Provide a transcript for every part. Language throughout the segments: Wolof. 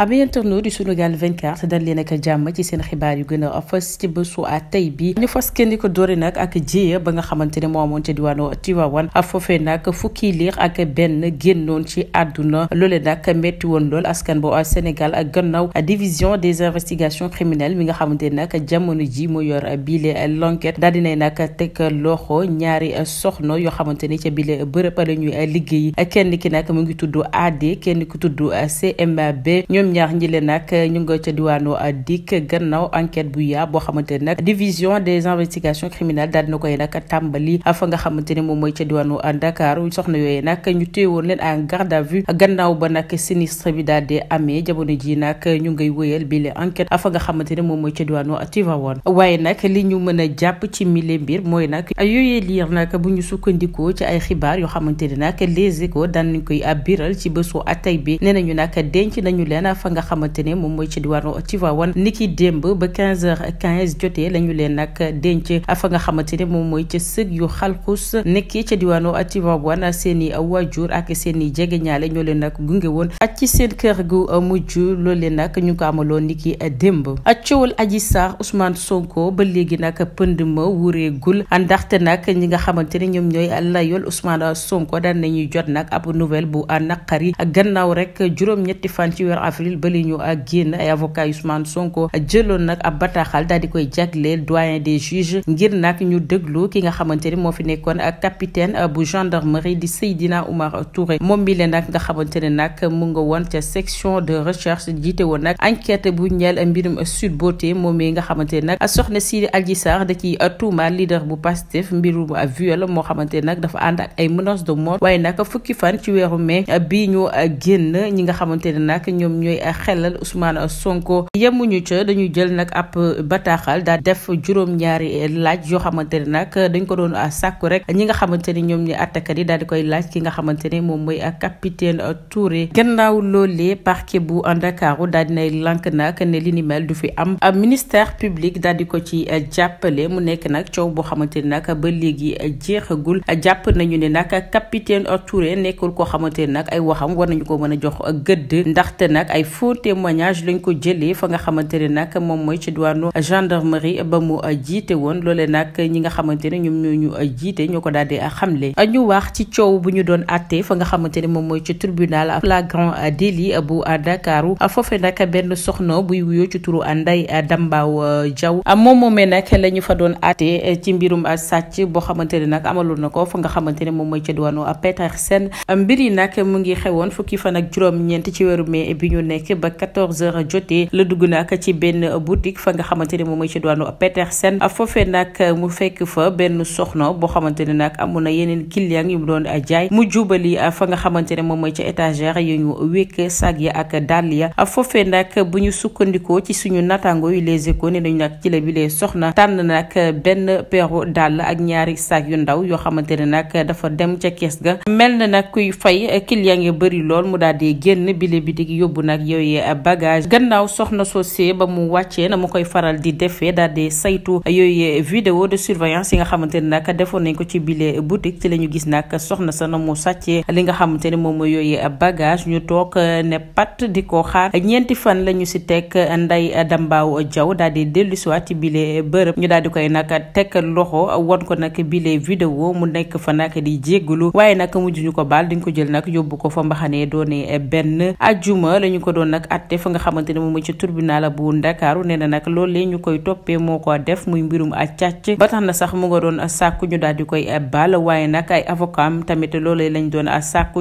ami internaute du Sunugal 24 dañ leen ak jàmm ci seen xibaar yu gën a fës ci bésu à tey bi ñu fas kenn ko dóore nag ak jiya ba nga xamante ne moo amoon ca diwaanu Tiwaawan foofee nag fukki liir ak benn génnoon ci àdduna loole nag metti woon lool askan a Sénégal gannaaw a division des investigations criminelles mi nga xamante ne nag jamono ji mu yor bile l'enquête daal dinay nag teg loxo ñaari soxna yoo xamante ni ca bile bërëb la ñuy kenn ki nag mu ngi tudd AD kenn ki tudd CMB ñoom ñoom ñaar ñi leen nag ñu nga ca diwaanu euh, dikk gannaaw enquête bu yaa boo xamante ne nag division des investigations criminelles daal dina koy nag tàmbali fa nga xamante ne moom mooy ca diwaanu euh, Dakar soxna yooyu nag ñu téewoon leen en garde à vue gannaaw ba nag di amee jamono ji nag ñu ngay wëyal bi le enquête fa nga euh, waaye nag li ñu mën a jàpp ci mille mbir mooy nag yooyee liir nag bu ñu sukkandikoo ci ay xibaar yoo xamante ne nag les échos daan nañ koy biral ci bésu atay bi nee nañu nag denc nañu leen fa nga xamante ne moom mooy ci diwaanu Tivaouane niki démb ba 15h15 jotee lañu leen nag denc fa nga xamante ne moom mooy ca sëg yu xalxus nekk ca diwaanu Tivaouane seen i waajur ak seen i jegeñaale ñoo leen nag gunge woon ak ci seen kër gu mujj loolee nag ñu ko amaloon niki démb ak coowal Adji Sarr Ousmane Sonko ba léegi nag pënd ma wureegul ndaxte nag ñi nga xamante ne ñoom ñooy layool Ousmane Sonko daan nañuy jot nag ab nouvelle bu naqari gannaaw rek juróom-ñetti fan ci weer avril bëli ñu ak ah, génn ay avocat Ousmane Sonko ah, jëloon nag ab bataaxal daal di koy jagleel doyen des juges ngir nag ñu déglu ki nga xamante moo fi nekkoon ak ah, capitaine bu gendarmerie di Seydina Oumar Touré moom mi leen nag nga xamante ne nag mu nga woon ca section de recherche jiite woon nag enquête bu soxna si Adji Sarr da tuumaal leader bu Pastef mbirum viol moo xamante nag dafa ànd ak ay menaces de mort waaye nag fukki fan ci weeru mai bii ñu génn ñi nga xamante nag ñoom ñuy xelal Ousmane Sonko yemuñu ca dañuy jël nag ab bataaxal daal def juróom-ñaari laaj yoo xamante ne nag dañ ko doon a sàkku rek ñi nga xamante ni ñoom ñi attakat yi daal di koy laaj ki nga xamante ne moom mooy capitaine Touré gannaaw loolee parquet bu Ndakaaru daal dinay lank nag ne li ni mel du fi am ministère public daal di ko ci jàppale mu nekk nag coow boo xamante ni nag ba léegi jeexagul a jàpp nañu ne nag capitaine Touré nekkul koo xamante ne nag ay waxam war nañu ko mën a jox ay faux témoignage lañ ko jëlee fa nga xamante ne nag moom mooy ci diwaanu gendarmerie ba mu jiite woon loole nag ñi nga xamante ne ñoom ñoo ñu jiite ñoo ko daal di xamle ñu wax ci coow bu ñu doon àtte fa nga xamante ne moom mooy ci tribunal flagrant délit bu Dakaru foofe nag benn soxna buy wuyoo ci turu Ndeye Dambaaw Diaw moom moomee nag la ñu fa doon àtte ci mbirum sàcc boo xamante ne nag amaloon na ko fa nga xamante ne moom mooy ci diwaanu mbir yi nag mu ngi xewoon fukki fan ak juróom-ñeent ci weeru mai bi nekk ba 14h jotee la dugg nag ci benn boutique fa nga xamante ne moom mooy ci doonu Petersen foofee nag mu fekk fa benn soxna boo xamante ne nag amoon na yeneen client yu mu doon jaay mu jubali fa nga xamante ne moom mooy ci étagère yu ñu wékk sag ya ak dàll ya foofee nag bu ñu sukkandikoo ci suñu natango yu Les Échos ne nañu nag ci la bi lee soxna tànn nag benn peeru dàll ak ñaari sag yu ndaw yoo xamante ne nag dafa dem ca kees ga mel na nag kuy fay client yi bëri lool mu daal génn bile bi yóbbu nag ak yooyu bagage gannaaw soxna soosee ba mu wàccee na mu koy faral di defee daal di saytu yooyu vidéo de surveillance yi nga xamante ne nag defoon nañ ko ci bile boutique ci la ñu gis nag soxna sa na mu sàccee li nga xamante ne moom mooy yooyu bagage ñu toog ne pat di ko xaar ñeenti fan la ñu si teg nday dambaaw jaw daal di dellusiwaat ci bile bërëb ñu daal di koy nag teg loxo won ko nag bile vidéo mu nekk fa nag di jégalu waaye nag mujj ñu ko baal dañ ko jël nag yóbbu ko fa mbaxane doone benn ko doon nag atte fa nga xamante ne moom mooy ci tribunal bu Ndakaaru nee nag loolee ñu koy toppee moo ko def muy mbirum ak càcc ba tax na sax mu nga doon a ñu daal di koy baal waaye nag ay avocat am tamit loolee lañ doon sàkku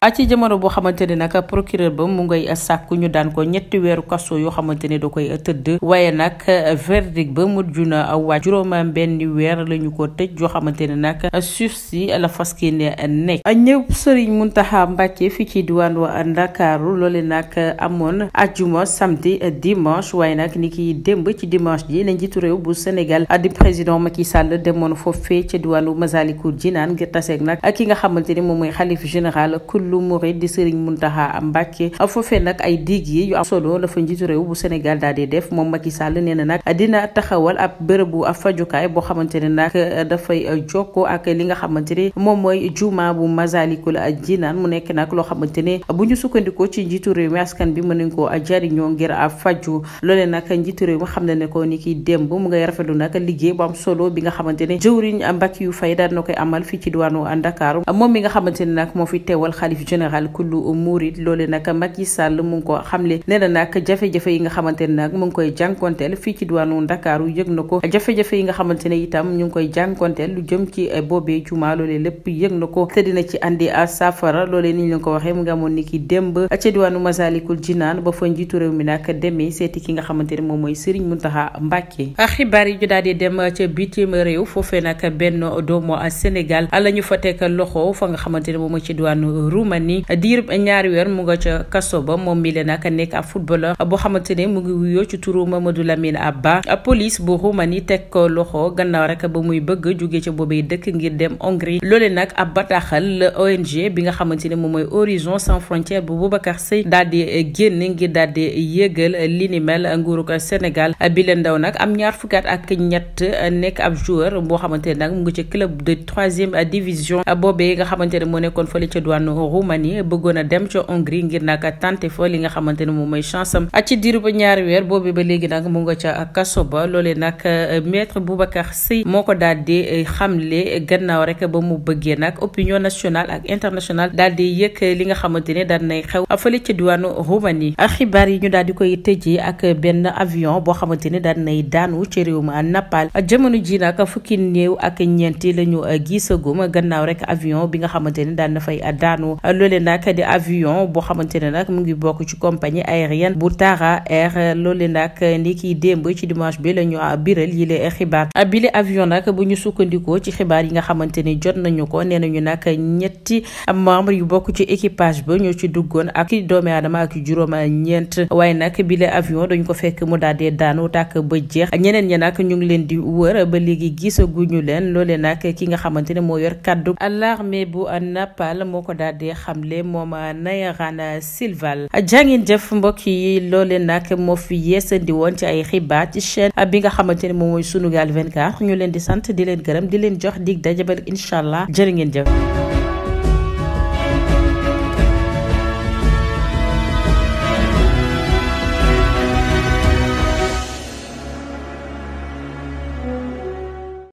a ci jamono boo ne nag procureur ba mu ngay sàkku ñu daan ko ñetti weeru kaso yoo xamante ne da koy tëdd waaye nag verdict ba mujj na wàcc juróom benn weer la ñu ko tëj yoo xamante ne nag suuf si la fas yéene nekk ñëw Serigne Mountakha Mbacké fii ci diwaan wa Ndakaaru Ndakaaru loole nag amoon ajjuma samedi dimanche waaye nag ni ki démb ci dimanche ji la njiitu réew bu Sénégal di président Macky Sall demoon foofee ca diwaanu Masalikul Jinaan ngir taseeg nag ki nga xamante ni moom mooy xalif général kullu murid di Serigne Mountakha Mbacké foofee nag ay diig yi yu am solo la fa njiitu réew bu Sénégal daal di def moom Macky Sall nee na nag dina taxawal ab bërëbu ab fajukaay boo xamante ne nag dafay jokkoo ak li nga xamante ni moom mooy jumaa bu Masalikul Jinaan mu nekk nag loo xamante bu ñu sukkandikoo ci njiitu réew mi bi mën nañ koo jariñoo ngir a faju loolee nag njiitu réew xam ne ne ko ni kiy démb mu ngay rafetlu nag liggéey bu am solo bi nga xamante ne jëwriñ mbakki yu fay daan na koy amal fii ci diwaanu Ndakaaru moom mi nga xamante ne nag moo fi teewal xalif général kullu murit loolee nag Macky Sall mu ngi ko xamle nee na nag jafe yi nga xamante ne nag mu ngi koy jànkonteel fii ci diwaanu Ndakaaru yëg na ko jafe yi nga xamante ne itam ñu ngi koy jànkonteel lu jëm ci boobee jumaa loolee lépp yëg na ko te dina ci andi a safara loolee ni ñu ko waxee mu ngi amoon ni ki ca diwaanu Masalikul Jinaan ba fa njiitu réew mi nag demee seeti ki nga xamante ne moom mooy Serigne Mountakha Mbacké xibaar yi ñu daal di dem ca bitim réew foofee nag benn doomu Sénégal la ñu fa teg loxo fa nga xamante ne moom mooy ci diwaanu Roumanie diirub ñaari weer mu nga ca kasto ba moom mi le nag nekk ab footballeur boo xamante ne mu ngi wuyoo ci turu Mamadou Lamine Abba police bu Roumanie teg ko loxo gannaaw rek ba muy bëgg jóge ca boobee dëkk ngir dem Hongrie loole nag ab bataaxal la bi nga xamante ne moom mooy Horizon Babacar Seye daal di génn ngir daal di yëgal li ni Sénégal bi ndaw nag am ñaar fukki ak ñett nekk ab joueur boo xamante ne nag mu ngi ci club de troisième nekkoon fële ca douane Roumanie bëggoon a dem ca Hongrie ngir nag tenter fa li nga xamante ne moom mooy chance am ci diiru ba ñaari weer boobee ba léegi nag mu nga ca kaso ba loolee nag euh, maître Boubacar Seye moo ko daal di euh, xamle gannaaw rek ba mu bëggee nag opinion nationale ak internationale daal di li nga fële ca diwaanu Roumanie xibaar yi ñu daal di koy tëjee ak benn avion boo xamante ni daal nay daanu ci nappal Napal jamono ji nag fukki néew ak ñeenti la ñu gisagum gannaaw rek avion bi nga xamante ni daan na fay daanu loolee nag di avion boo xamante ne nag mu ngi bokk ci compagnie aérienne bu Tara Air loolee nag ni kiy démb ci dimanche bi la ñu biral yi lee xibaar a bile avion nag bu ñu sukkandikoo ci xibaar yi nga xamante ni jot nañu ko nee nañu nag ñetti membre yu bokk ci équipage ba ñoo ci duggoon ak i doomi aadama ak juróom ñeent waaye nag bi la avion dañ ko fekk mu daal di daanu tàkk ba jeex ñeneen ñi nag ñu ngi leen di wër ba léegi gisaguñu leen loolee nag ki nga xamante ne moo yor kaddu l'armée bu Napal moo ko daal di xamle moom Nayirane Silval jàngeen jëf mbokk yi loole nag moo fi yeesandi woon ci ay xibaar ci bi nga xamante ne moom mooy Sunugal 24 ñu leen di sant di leen gërëm di leen jox dig daje ba incha allah jërë ngeen jëf